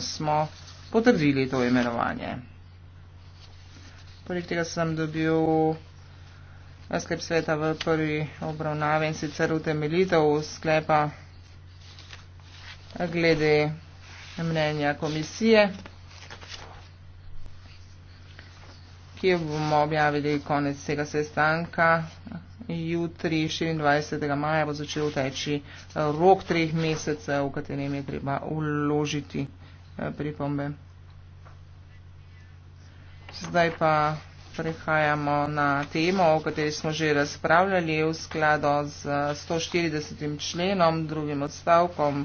smo potrdili to imenovanje. Poleg tega sem dobil sklep sveta v prvi obravnavi in sicer utemeljitev sklepa glede mnenja komisije, ki jo bomo objavili konec tega sestanka. Jutri, 24. maja, bo začel teči rok treh mesecev, v katerem je treba uložiti. Eh, pripombe. Zdaj pa prehajamo na temo, o kateri smo že razpravljali v skladu z 140. Eh, členom, drugim odstavkom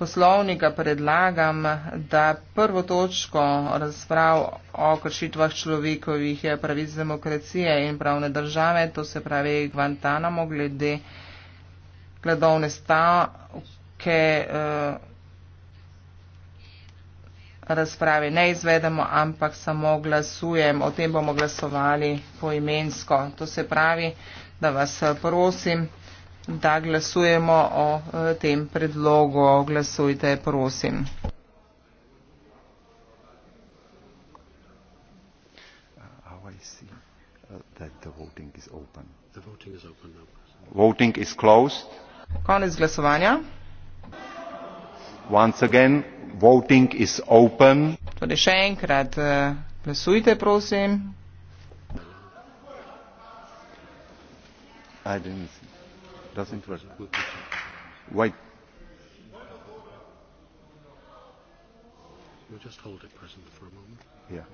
poslovnika predlagam, da prvo točko razprav o kršitvah človekovih eh, pravic demokracije in pravne države, to se pravi Guantanamo glede gladovne stavke. Uh, razprave ne izvedemo, ampak samo glasujem. O tem bomo glasovali poimensko. To se pravi, da vas eh, prosim, da glasujemo o eh, tem predlogu. Glasujte, prosim. Ah, oh, uh, Konec glasovanja. Once again, voting is open. Torej še enkrat, eh, glasujte, prosim. Yeah.